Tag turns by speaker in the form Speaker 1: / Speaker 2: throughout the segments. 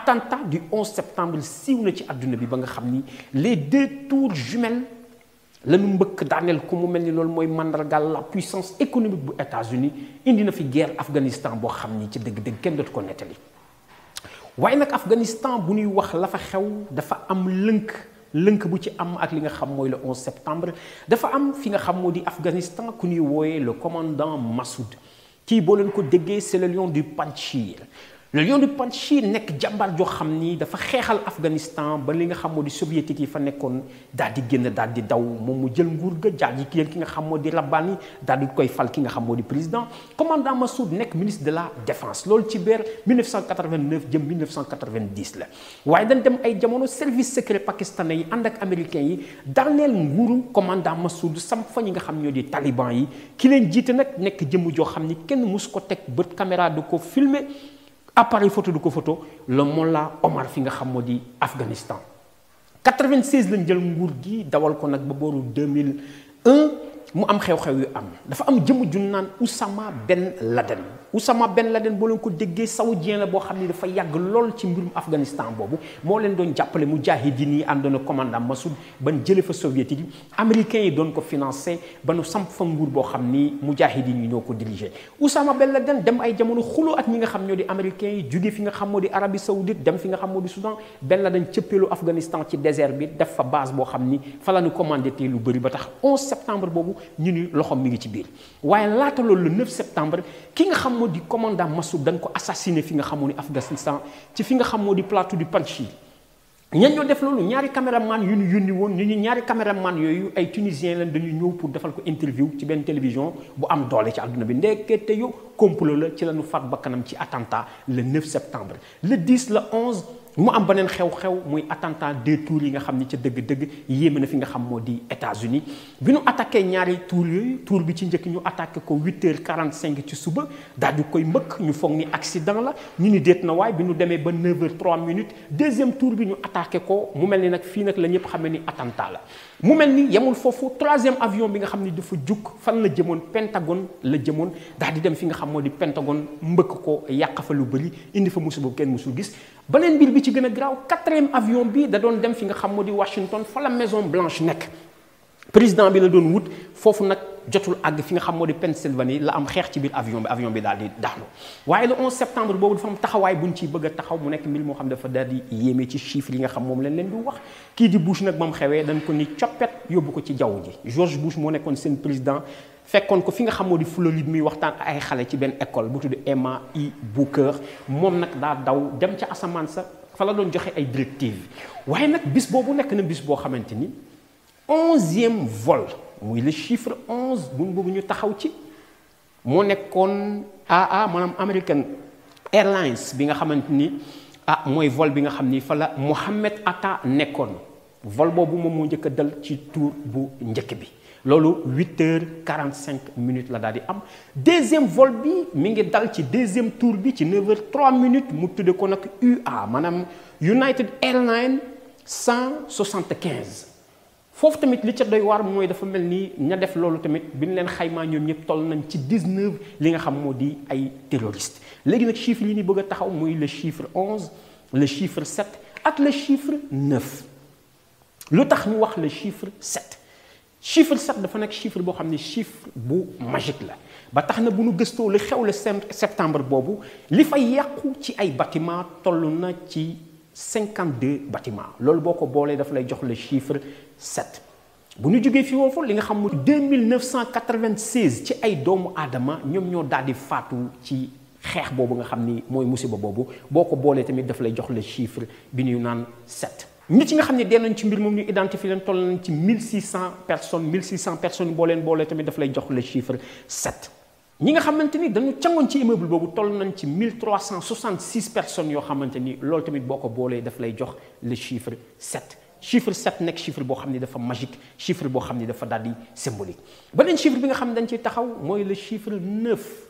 Speaker 1: attentat du 11 septembre Si vous ci àdduna bi ba nga xam les deux tours jumelles le nombre d'années que nous mel ni loolu mooy la puissance économique bu États-Unis indi na fi guerre Afghanistan bo xamni ci deug deug kenn dootu ko netali waaye nak Afghanistan bu ñuy wax la fa xew dafa am leunk leunk bu ci am ak li nga xam moy le 11 septembre dafa am fi nga xam modi Afghanistan ku ñuy le commandant Massoud qui boo leen ko déggee c'est le lion du Panchir le lion du Panjshir nek jàmbaar jo xam dafa xéxal Afghanistan ba li nga xam modi soviétique yi fa nekkoon dal di genn dal di daw moom mu jël nguur ga jaar ji ki nga xam modi di dal di koy fal ki nga xam modi président commandant Massoud nek ministre de la défense lol ci ber 1989 jëm 1990 la. waye dañ dem ay jamono service secret pakistanais yi ànd ak américains yi daaneel nguuru commandant Massoud sam fa nga xam ñoo di taliban yi ki leen jiite nak nek jëmm jo xamni kenn mus ko teg caméra du ko filmer appareil photo du photo le là Omar Finga nga Afghanistan 96 lañ jël nguur dawal ko nak ba 2001 mu am xew-xew yu am dafa am jëmm ju naan Oussama Ben Laden Oussama Ben Laden boo leen ko déggee saoudien la boo xam ni dafa yàgg lool ci mbirum Afghanistan boobu moo leen doon jàppale mujahidin yi àndoon ak commandant Massoud ban jële fa soviétique yi américains yi doon ko financé ba nu samp fa nguur boo xam ni mujahidin yi ñoo ko dirigé Oussama benn Laden dem ay jamono xuloo ak ñi nga xam ñoo di américains yi jóge fi nga xam moo di Arabie Saoudite dem fi nga xam moo di Soudan Ben Laden cëppeelu Afghanistan ci désert bi def fa base boo xam ni fa la ñu commandé tey lu bëri ba tax 11 septembre boobu ñu ni loxoom mi ngi ci biir waaye laata loolu le 9 septembre ki nga xam moo di commandant Massoud dañ ko assassiné fi nga xamoo ni Afghanistan ci fi nga xam moo di plateau du Panchi ñan ñoo def loolu ñaari caméraman yu ñu yónni woon ñu ñu ñaari caméraman yooyu ay tunisien lañ dañu ñëw pour defal ko interview ci benn télévision bu am doole ci àdduna bi ndekete yu complot la ci lañu faat bakkanam ci attentat le 9 septembre le 10 le 11 mu am beneen xew-xew muy attentat des tours yi nga xamni ci deug deug yéme na fi nga xam modi États-Unis bi ñu attaqué ñaari tour yooyu tour bi ci njëkk ñu attaqué ko 8h45 ci suba dal di koy mbëkk ñu foog ni accident la ñu ni déet na waay bi ñu demee ba 9h3 minutes deuxième tour bi ñu attaqué ko mu melni nak fi nak la ñëpp xamee ni attentat la mu melni yamul fofu troisième avion bi nga xamni dafa juk fan la jëmon Pentagone la jëmon dal di dem fi nga xam modi Pentagone mbëkk ko yàq fa lu bëri indi fa musubu boobu kenn musul gis beneen mbir bi ci gëna graw 4e avion bi da doon dem fi nga xam modi Washington fa la Maison Blanche nek président bi la doon wut fofu nak jotul ag fi nga xam modi di Pennsylvanie la am xex ci bir avion bi avion bi daal di daanu waaye le 11 septembre bobu dafa am taxawaay buñ ci bëgg taxaw mu nek mil mo xam dafa daal di yéme ci chiffre yi nga xam mom lañ leen di wax ki di Bush nak ba xewé dañ ko ni coppet yóbbu ko ci jaww ji George Bush mo nekkoon sen président fekkoon ko fi nga xam moo di fula lit muy waxtaan ay xale ci benn école bu tudd Emma I Booker moom nag daa daw dem ca asamaan sax fa la doon joxe ay directive waaye nag bis boobu nekk na bis boo xamante ni onzième vol muy le chiffre onze buñ bëgg ñu taxaw ci moo nekkoon AA maanaam American Airlines bi nga xamante ni ah mooy vol bi nga xam ni fa la Mohamed Atta nekkoon vol boobu moom moo njëkk a dal ci tour bu njëkk bi Lolo huit heures quarante minutes la deuxième vol bi mi ngi deuxième tour bi ci neuf minutes mu tudé ko UA manam United Airlines 175. soixante quinze que tamit li doy war moy dafa ña def tamit 19 li nga xam modi ay terroristes légui chiffres le chiffre 11 le chiffre 7 ak le chiffre 9 lu tax ñu wax le chiffre 7 chiffre sax dafa nek chiffre bo xamni chiffre bu magique la ba taxna na bu nu gëstoo li xew le septembre bobu li fa yàqu ci ay bâtiment tolluna ci 52 bâtiments lolou boko bolé daf lay jox le chiffre 7 bu ñu jógee fi foofu li nga xam 2996 ci ay doomu aadama ñom ñoo daal di faatu ci xex bobu nga xamni moy musiba bobu boko bolé tamit daf lay jox le chiffre bi ñuy naan 7 ñi nga xam ne nañ ci mbir mom ñu identifié leen toll nañ ci 1600 personnes 1600 personnes len bo boolee tamit daf lay jox le chiffre 7. ñi nga xamante ni dañu cangoon ci immeuble boobu toll nañ ci 1366 personnes yo xamante ni loolu tamit boo ko boolee daf lay jox le chiffre 7. chiffre 7 nek chiffre bo xam ne dafa magique chiffre bo xam ne dafa daal di symbolique beneen chiffre bi nga xam dañ ci taxaw moy le chiffre 9.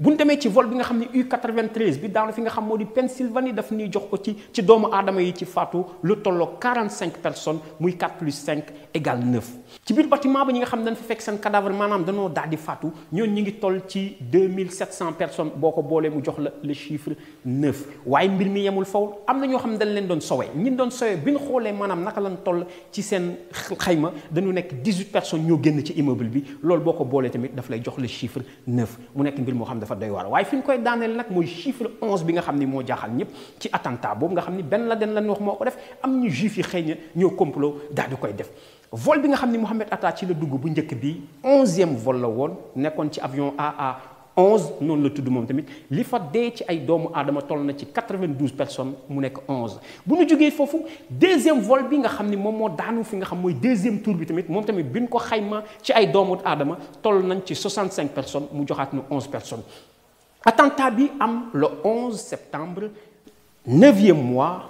Speaker 1: buñ démé ci vol bi nga xamni U93 bi daanu fi nga xam modi Pennsylvania daf ni jox ko ci ci doomu aadama yi ci Fatou lu tollo 45 personnes muy 4 plus 5 égale 9. ci biir bâtiment ba ñi nga xam dañ fekk sen cadavre manam, dañu daal di faatu ñooñu ñu ngi toll ci 2700 personnes boko ko mu jox la le chiffre 9 waye mbir mi yamul faul am na ñoo xam dañ leen doon sowee ñi doon sowee biñ xolé manam naka lañ toll ci sen xayma dañu nekk 18 personnes ñoo génn ci immeuble bi lool boko ko tamit daf lay jox le chiffre 9 mu nekk mbir mo xam dafa doy waar waaye fi koy danel nak moy chiffre 11 bi nga xamni mo jaxal ñep ci attentat boobu nga xamni ben la den la wax moko def am ñu juif yi xëy ñoo complot daal di koy def vol bi nga xamni mohammed Mohamed Atta ci la dugg bu njëkk bi 11e vol la won nekkon ci avion AA 11, non le tudd moom tamit li fa dee ci ay doomu adama toll na ci 92 personnes mu nek 11. bu ñu jógee deuxième vol bi nga xamni mom mo daanu fi nga xam moy deuxième tour bi tamit mom tamit bi ko xayma ci ay doomu adama toll nañ ci 65 personnes mu joxat ñu 11 personnes attentat bi am le 11 septembre 9 9e mois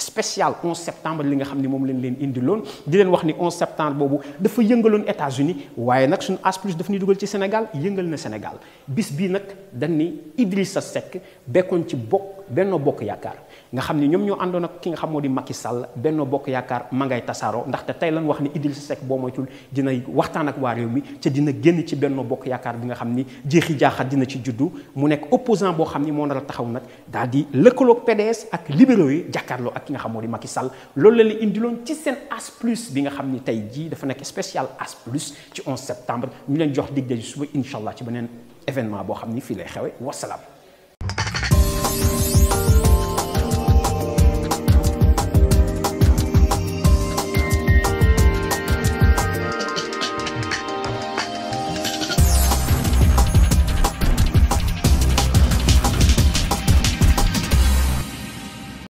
Speaker 1: spécial 11 septembre li nga xamni mom moom lañ leen indiloon di leen wax ni 11 septembre bobu dafa yëngaloon États-Unis waaye nak suñu as plus dafa ñuy dugal ci Sénégal yëngal na Sénégal bis bi nak dañ ni Idrissa Seck bekkoon ci bokk Benno Bokk Yaakaar nga xam ni ñoom ñoo àndoon ak ki nga xamoo moo di Macky Sall Benno Bokk Yaakaar ma ngay tasaaroo ndaxte tey lan wax ni Idrissa Seck boo moytul dina waxtaan ak waa réew mi te dina génn ci Benno Bokk Yaakaar bi nga xam ni jeexi jaaxat dina ci juddu mu nekk opposant boo xam ni moo nar a taxaw nag daal di lëkkaloog PDS ak libéraux yi jàkkaarloo ak ki nga xam moo di Macky Sall loolu la la indiloon ci seen as plus bi nga xam ni tey jii dafa nekk spécial as plus ci 11 septembre ñu leen jox dig daji suba incha allah ci beneen événement boo xam ni fii lay xewe wasalaam